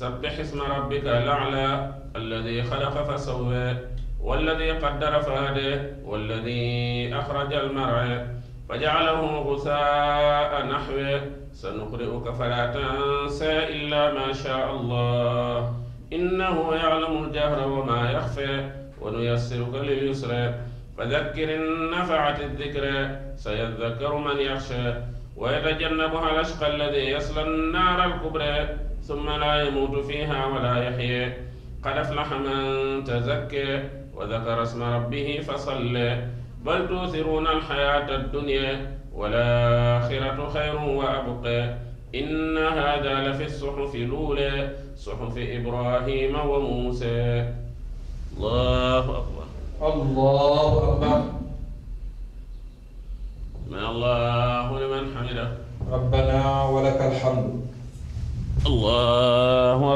سبح اسم ربك الأعلى الذي خلق فسوى والذي قدر فهدى والذي أخرج المرعى فجعله غثاء نحوه سنقرئك فلا تنسى إلا ما شاء الله إنه يعلم الجهر وما يخفى ونيسرك لليسرى فذكر النفعة الذكرى سيذكر من يخشى ويتجنبها الأشقى الذي يصلى النار الكبرى ثم لا يموت فيها ولا يحيى قد أفلح من تزكى وذكر اسم ربه فصلى بل تؤثرون الحياة الدنيا والآخرة خير وأبقى إن هذا لفي الصحف الأولى صحف إبراهيم وموسى الله أكبر الله أكبر من الله لمن حمده ربنا ولك الحمد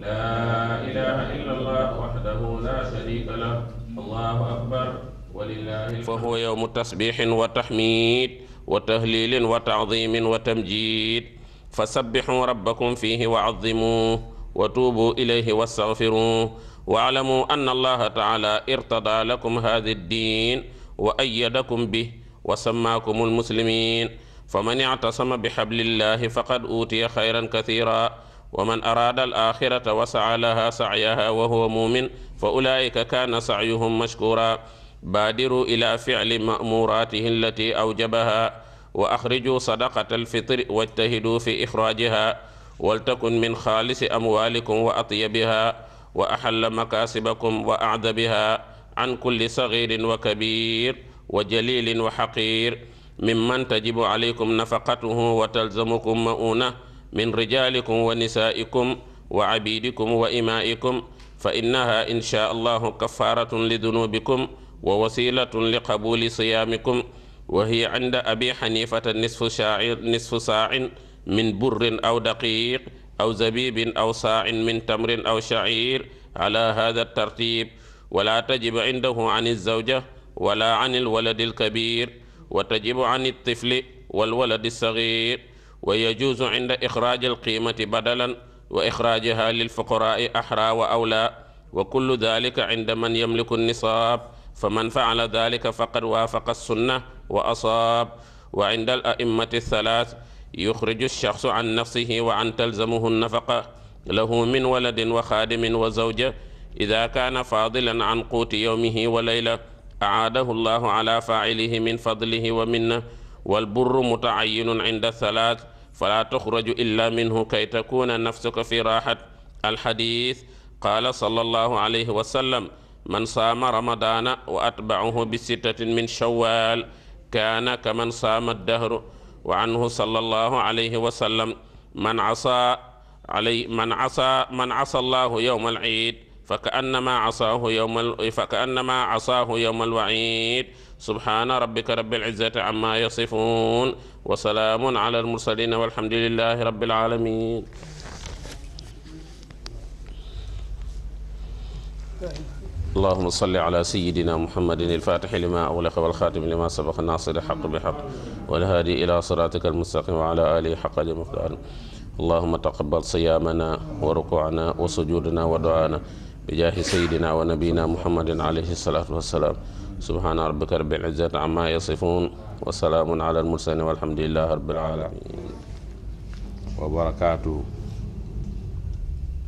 لا إله إلا الله وحده لا شريك له الله أكبر ولله فهو يوم تسبيح وتحميد وتهليل وتعظيم وتمجيد فسبحوا ربكم فيه وعظموه وتوبوا إليه واستغفروه واعلموا أن الله تعالى ارتضى لكم هذا الدين وأيدكم به وسماكم المسلمين فمن اعتصم بحبل الله فقد أوتي خيرا كثيرا ومن أراد الآخرة وسعى لها سعيها وهو مؤمن فأولئك كان سعيهم مشكورا بادروا إلى فعل مأموراته التي أوجبها وأخرجوا صدقة الفطر واجتهدوا في إخراجها ولتكن من خالص أموالكم وأطيبها وأحل مكاسبكم وأعذبها عن كل صغير وكبير وجليل وحقير ممن تجب عليكم نفقته وتلزمكم مؤونه من رجالكم ونسائكم وعبيدكم وإمائكم فإنها إن شاء الله كفارة لذنوبكم ووسيلة لقبول صيامكم وهي عند أبي حنيفة نصف شاعر نصف ساع من بر أو دقيق أو زبيب أو ساع من تمر أو شعير على هذا الترتيب ولا تجب عنده عن الزوجة ولا عن الولد الكبير وتجب عن الطفل والولد الصغير ويجوز عند إخراج القيمة بدلا وإخراجها للفقراء أحرى وأولى وكل ذلك عند من يملك النصاب فمن فعل ذلك فقد وافق السنة وأصاب وعند الأئمة الثلاث يخرج الشخص عن نفسه وعن تلزمه النفقة له من ولد وخادم وزوجة إذا كان فاضلا عن قوت يومه وليلة أعاده الله على فاعله من فضله ومنه والبر متعين عند الثلاث فلا تخرج إلا منه كي تكون نفسك في راحة الحديث قال صلى الله عليه وسلم من صام رمضان وأتبعه بستة من شوال كان كمن صام الدهر وعنه صلى الله عليه وسلم من عصى علي من عصى من عصى الله يوم العيد فكأنما عصاه يوم ال... فكأنما عصاه يوم الوعيد سبحان ربك رب العزة عما يصفون وسلام على المرسلين والحمد لله رب العالمين اللهم صل على سيدنا محمد الفاتح لما أغلق والخاتم لما سبق الناصر حق بحق والهادي إلى صراطك المستقيم وعلى آله حق لمقدار اللهم تقبل صيامنا وركوعنا وسجودنا ودعانا بجاه سيدنا ونبينا محمد عليه الصلاة والسلام سبحان ربك رب العزة عما يصفون وسلام على المرسلين والحمد لله رب العالمين وبركاته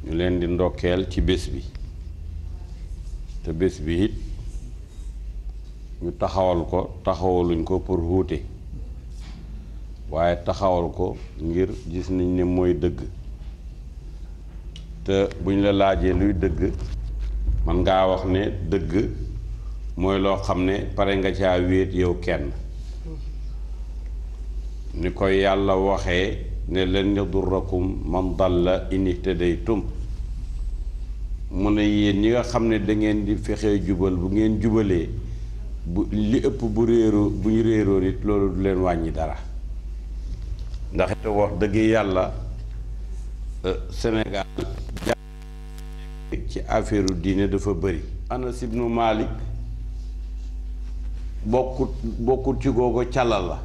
ñu leen di ndokkeel ci بي bi te bés bi it ñu taxawal ko taxawaluñ ko pour wuute waaye taxawal ko ngir gis nañ ne te bu ñu la laajee luy dëgg man ngaa wax ne dëgg mooy loo xam ne pare nga caa wéet yow kenn ni koy yàlla waxee ne leen lan yadurrakum man dalla in ihtadaytum mu ne yéen ñi nga xam ne dangeen di fexee jubal bu ngeen jubalee bu li ëpp bu réeroo bu ñu réeroo nit loolu du leen wàññi dara ndax te wax dëgg yàlla euh, senegal ci affaire diine dafa bëri Anas ibnu Malik bokkut bokkut ci googu cala la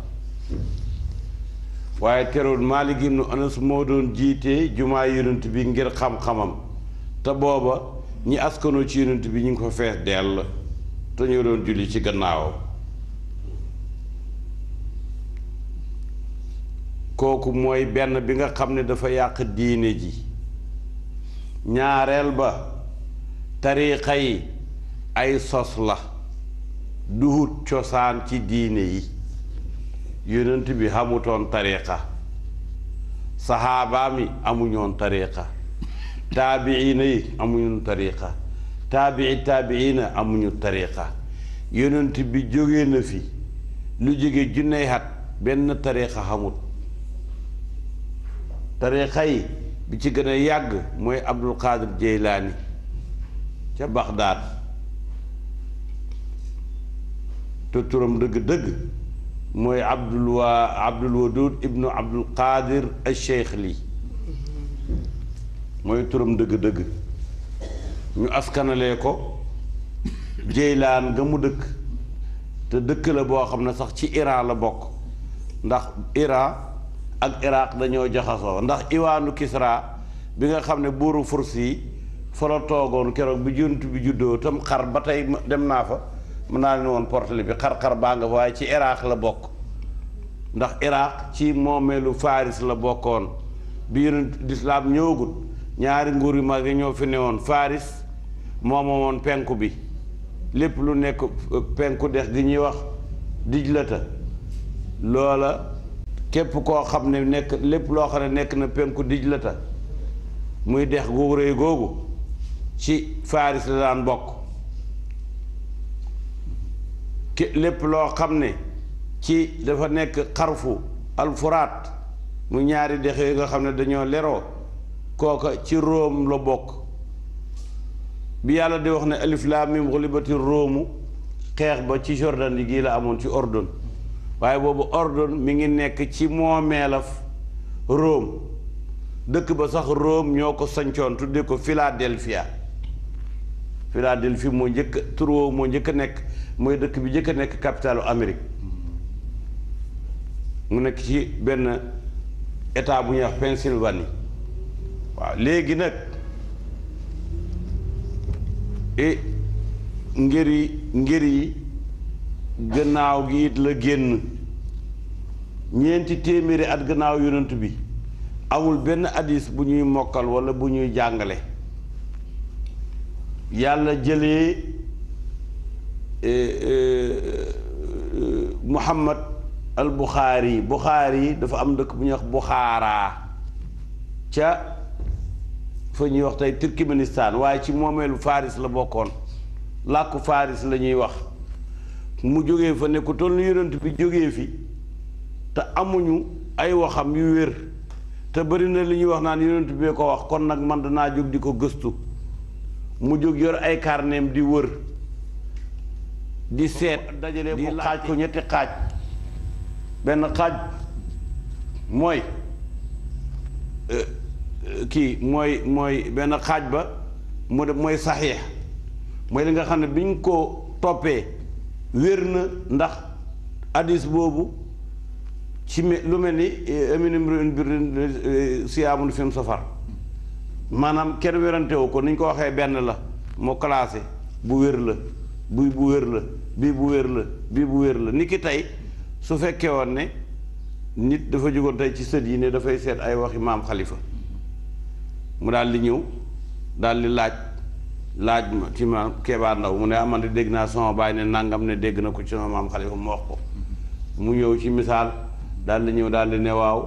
waaye teroon Malik ibnu Anas moo doon jiite jumaa yonent bi ngir xam-xamam te booba ñi askanoo ci yonent bi ñu ngi ko fees dell te ñoo doon julli ci gannaawam kooku mooy benn bi nga xam ne dafa yàq diine ji ñaareel ba tariqa yi ay sos la duhut cosaan ci diine yi yonent bi xamutoon tariqa saxaabaam yi amuñoon tariqa taabiina amuñu tariqa taabii taabiina amuñu tariqa yonent bi jóge na fi lu jóge junney xat benn tariqa xamut tariqa yi bi ci gën a yàgg mooy Abdul Qaadir Jeylaani ca Baxdaad te turam dëgg-dëgg mooy Abdul waa Abdul Wadud ibnu Abdul Qadir al-Cheikh li mooy turam dëgg-dëgg ñu askanalee ko Jeylaan nga mu dëkk te dëkk la boo xam ne sax ci Iran la bokk ndax Iran ak Iraq dañoo jaxasoo ndax iwaanu Kisra bi nga xam ne buuru Fursi yi folo la toogoon keroog bi junt bi juddoo tam xar ba tey dem naa fa mën naa leen woon portale bi xar-xar baa nga fa waaye ci Irak la bokk ndax Irak ci moomeelu Faris la bokkoon bi yonent lislaam ñëwagul ñaari nguur yu mag yi ñoo fi newoon Faris moo moomoon penku bi lépp lu nekk penku dex gi ñuy wax dijlata loola képp koo xam ne nekk lépp loo xam ne nekk na penku dijlata muy dex gu rëy googu ci faaris la daan bokk lépp loo xam ne ci dafa nekk xarfu alfuraat mu ñaari dexe nga xam ne dañoo leroo kooka ci róom la bokk bi yàlla di wax ne alif laam miim xulibati róomu xeex ba ci Jordan di gii la amoon ci ordon waaye boobu ordon mi ngi nekk ci moomeelaf róom dëkk ba sax róom ñoo ko sancoon tudde ko Philadelphia Philadelphie moo njëkk tur moo njëkk a nekk mooy dëkk bi njëkk nekk capitalu Amérique mu nekk ci benn état bu ñuy wax Pennsylvanie waaw léegi nag e eh, ngir yi ngir yi gannaaw gi it la génn ñeenti téeméeri at gannaaw yonent bi awul benn hadis bu ñuy mokkal walla bu ñuy jàngale yàlla jëlee eh, eh, Muhammad al Buxaari Buxaari dafa am dëkk bu ñuy wax Buxaaraa ca fa ñuy wax tey Turkmenistan waaye ci moomeelu Faris la bokkoon làkku Faris lañuy wax mu jógee fa ne ku toll ni yonent bi jógee fi te amuñu ay waxam yu wér te bëri na li ñuy wax naan yonent bee ko wax kon nag man danaa jóg di ko gëstu mu jóg yor ay carnet di wër di seet dajale bu xaaj ko ñetti xaaj benn xaaj mooy euh, kii mooy mooy benn xaaj ba mu de mooy saxiix mooy li nga xam ne biñ ko toppee wér na ndax hadis boobu ci lu mel ni aminu euh, mbirin euh, siyaamun fim safar maanaam kenn wérante wu ko ni ñu ko waxee benn la moo classé bu wér la buy bu wér la bii bu wér la bii bu wér la nit ki tey su fekkee woon ne nit dafa jógoon tey ci sët yi ne dafay seet ay waxi maam xalifa mu daal di ñëw daal di laaj laaj ma ci maam Kéba Ndaw mu ne ah, man de dégg naa sama baay ne nangam ne dégg na ko ci sama maam xalifa mu wax ko mu ñëw ci misaal daal di ñëw daal di ne waaw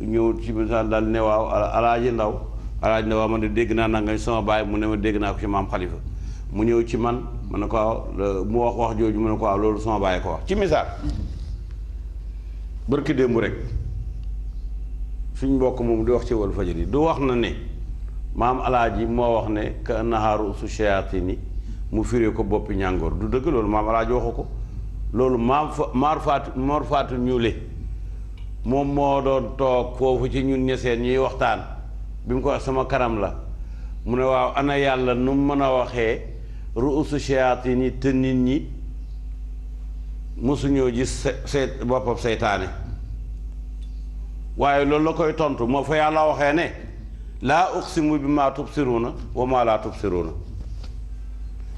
ñëw ci misaal daal di ne waaw alaaji Ndaw alaaj na waa man de dégg naa nangam sama baay mu ne ma dégg naa ko ci maam xalifa mu ñëw ci man mu ne ko mu wax wax jooju mu ne ko waaw loolu sama baay ko wax ci misaal bërki démb rek suñ bokk moom di wax ci wal fajar yi du wax na ne maam alaaji moo wax ne ka naxaaru su shayaatini mu fiire ko boppi ñàngoor du dëgg loolu maam alaaji waxu ko loolu maam maar faatu maar faatu ñuule moom moo doon toog foofu ci ñun ñeseen ñuy waxtaan bi mu ko wax sama kanam la mu ne waaw ana yàlla nu mu mën a waxee ruusu shayatin yi nii te nit ñi mosuñoo gis se sey boppam seytaane waaye loolu la koy tontu moo fa yàlla waxee ne laa uqsimu bi maa tubsiruuna wa maa laa tubsiruuna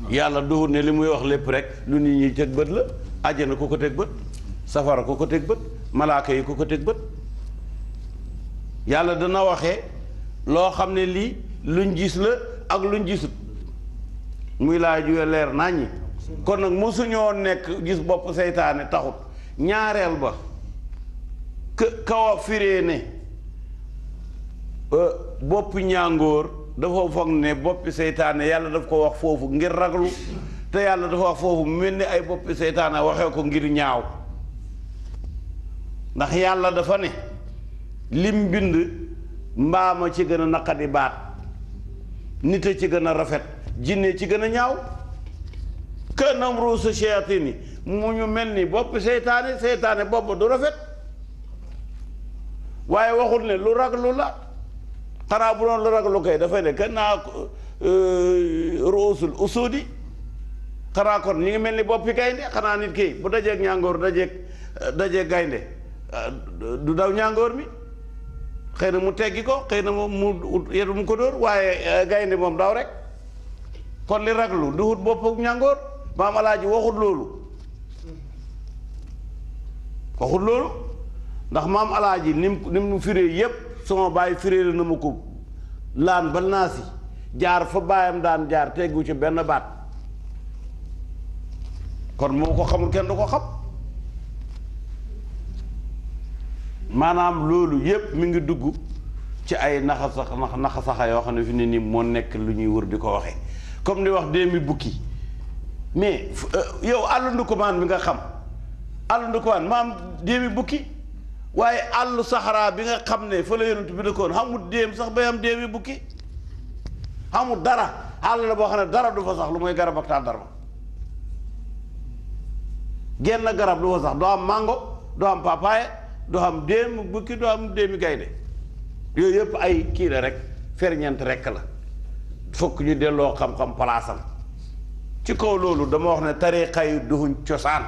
yàlla duhut ne li muy wax lépp rek lu nit ñi teg bët la àjjana ku ko teg bët safara ku ko teg bët malaaka yi ku ko teg bët yàlla dana waxee loo xam ne lii luñ gis la ak lu gisut muy laa juwe leer naññi kon nag mosuñoo nekk gis bopp seytaane taxut ñaareel ba ka kaw ne euh, bopp ñàngoor dafa foog ne boppi seytaane yàlla daf ko wax foofu ngir raglu te yàlla dafa wax foofu mel ni ay boppi seytaane waxee ko ngir ñaaw ndax yàlla dafa ne lim bind mbaama ci gën a naqadi baat nit a ci gën a rafet jinne ci gën a ñaaw kanam ruusu shayatini mu ñu mel ni bopp seytaane seytaane bopp du rafet waaye waxul ne lu raglu la xanaa bu doon lu raglu kay dafay ne kanaa euh, ruusul usudi xanaa kon ñu ngi mel ni boppi gaynde xanaa nit kii bu dajeeg ñàngoor dajeek euh, dajeeg gaynde euh, du daw ñàngoor mi xëy na mu teggi ko xëy na moom mu yet mu ko dóor waaye euh, gaynde moom daw rek kon li raglu du hut bopp ñàngoor maam alaaji waxut loolu waxut loolu ndax maam alaaji nim nim mu firee yépp sama bàyyi firee na ma ko laan ba naasi jaar fa baayam daan jaar teggu ci benn baat kon moo ko xamul kenn du ko xam maanaam loolu yépp mi ngi dugg ci ay naxasax naxasaxa yoo xam ne fi ne nii moo nekk lu ñuy wër di ko waxee comme ni wax déemi bukki mais euh, yow àllu ndukumaan bi nga xam àllu ndukumaan maam déemi bukki waaye àllu saxaraa bi nga xam ne fa bi dëkkoon xamul déem sax bay am bukki xamul dara àll la boo xam ne dara du fa sax lu mooy garab ak tàndarma genn garab du fa sax doo am mango doo am papaye du am déem bukki du am déemi gaynde yooyu yëpp ay kii la rek ferñeent rekk la fokk ñu delloo xam-xam palaasam ci kaw loolu dama wax ne tariqa yi duhuñ cosaan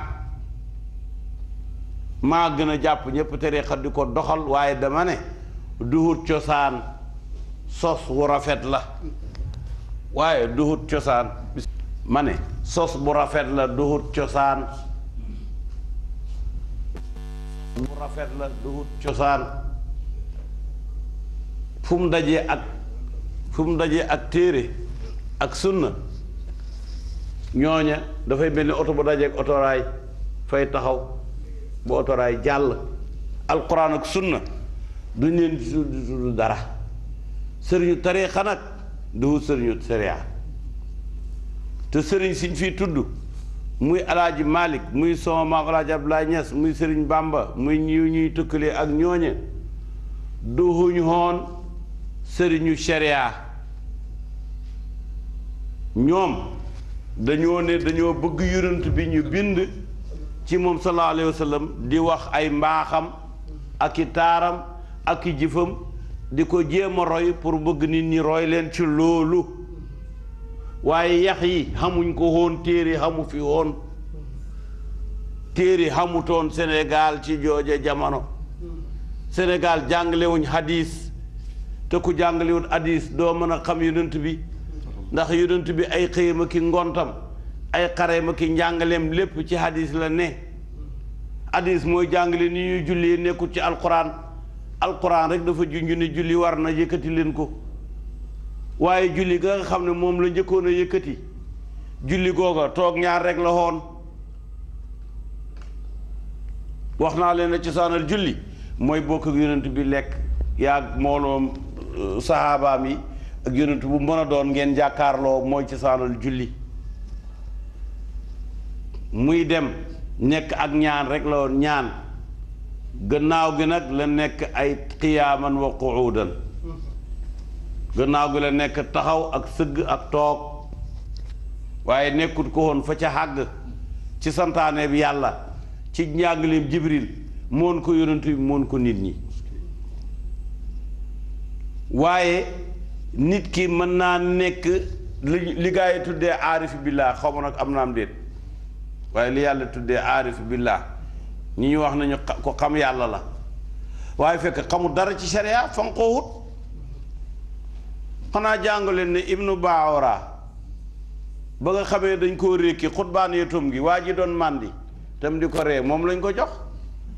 maa gën jàpp ñëpp tariqa di doxal waaye dama ne duhut cosaan sos wu rafet la waaye duhut cosaan ma ne sos bu rafet la duhut cosaan mu rafet la duhut cosaan fu mu dajee ak fu mu dajee ak téere ak sunna ñooña dafay mel oto bu dajee ak otoraay fay taxaw bu otoraay jàll alquran ak na duñ leen di tudd dara sëriñu tariixa nag duhut sëriñu sariya te sëriñ siñ fi tudd muy alaaji malik muy sama maam alaaji Abdoulaye Niass muy Serigne Bamba muy ñi ñuy tukkalee ak ñooñe duhuñu hoon sëriñu sharia ñoom dañoo ne dañoo bëgg yonent bi ñu bind ci moom sallallahu alayhi di wax ay mbaaxam ak i taaram ak i jëfam di ko jéem roy pour bëgg nit ñi roy leen ci loolu waaye yax yi xamuñ ko woon téere xamu fi woon téere xamutoon Sénégal ci jooje jamono Sénégal jàngalewuñ hadis te ku jàngalewut hadis doo mën a xam yonent bi ndax yonent bi ay xëyam ki ngontam ay xareem ki njàngaleem lépp ci hadis la ne hadis mooy jàngale ni ñuy jullee nekkul ci alquran alquran rek dafa junj ne julli war na yëkkati leen ko waaye julli ga nga xam ne moom la njëkkoon a yëkkati julli googa toog ñaar rek la xoon wax naa leen ne cosaanal julli mooy bokk ak yonent bi lekk yaag mbooloom euh, sahaba mi ak yonent bu mën a doon ngeen jàkkaarloo mooy cosaanal julli muy dem nekk ak ñaan rek la woon ñaan gannaaw gi nag la nekk ay qiyaaman wa qu'uudan gannaaw gi la nekk taxaw ak sëgg ak toog waaye nekkut ko woon fa ca xàgg ci santaane bi yàlla ci njàngaleem jibril moon ko yonent moon ko nit ñi waaye nit ki mën naa nekk li li tuddee aarif billah xaw ma nag am na am déet waaye li yàlla tuddee aarif billah ñi ñu wax nañu ko xam yàlla la waaye fekk xamul dara ci sharia fan ko xanaa jàngu leen ne ibnu baawra ba nga xamee dañ koo rékki xutbaan yetum gi waa ji doon màndi tam di ko ree moom lañ ko jox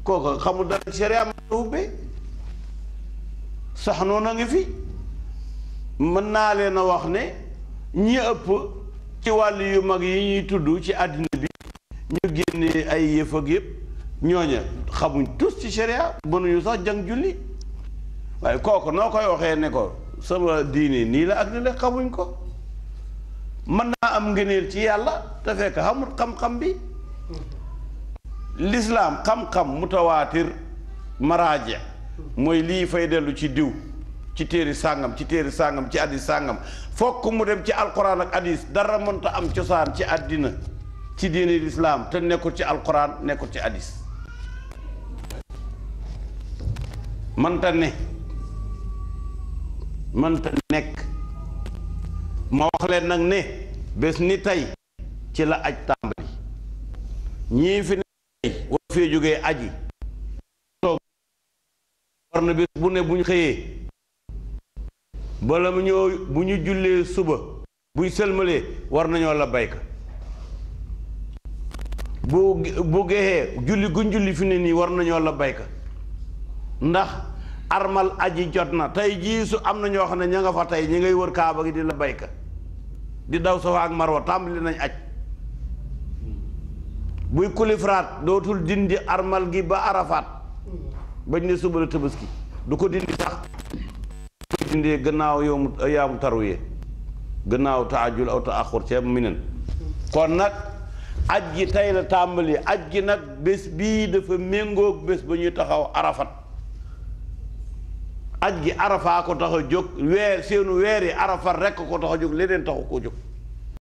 kooku xamu dara sharia ma ubbee a ngi fi mën naa leen a wax ne ñi ëpp ci wàll yu mag yi ñuy tudd ci àddina bi ñu génnee ay yëf yëpp ñooña xamuñ tous ci sharia mënuñu sax jàng julli waaye kooku noo koy waxee ne ko sama diine nii la ak ni la xamuñ ko mën naa am ngëneel ci yàlla te fekk xamul xam-xam bi lislaam xam-xam mutawaatir maraaje mooy lii fay dellu ci diw ci téeri sàngam ci téeri sàngam ci addis sàngam fokk mu dem ci alquran ak addis dara mënta am cosaan ci àddina ci diine lislaam te nekkul ci alquran nekkul ci addis mënta ne mënta nekk ma wax leen nag ne bés ni tey ci la aj tàmbali ñii fi ne tey war fee jógee aji toog war na bu ne buñ xëyee bala mu ñoo bu ñu jullee suba buñ sëlmalee war nañoo la bayka bu bu géexee julli kuñ julli fi ne nii war nañoo la bayka ndax armal aji jot na tey jii su am na ñoo xam ne ña nga fa tey ñi ngay wër kaaba gi di la bayka di daw safa ak marwa tàmbali nañ aj buy kulifraat dootul dindi armal gi ba arafaat bañ ne suba la tabaski du ko dindi sax du gannaaw yoomu yaamu tarwiye gannaaw taajul aw taaxur ceeb minen kon nag aj gi tey la tàmbali aj gi nag bés bii dafa méngoog bés ba ñuy taxaw arafat aj gi arafa ko tax a jóg weer seenu weeri arafa rekk ko tax a jóg leneen taxu ko jóg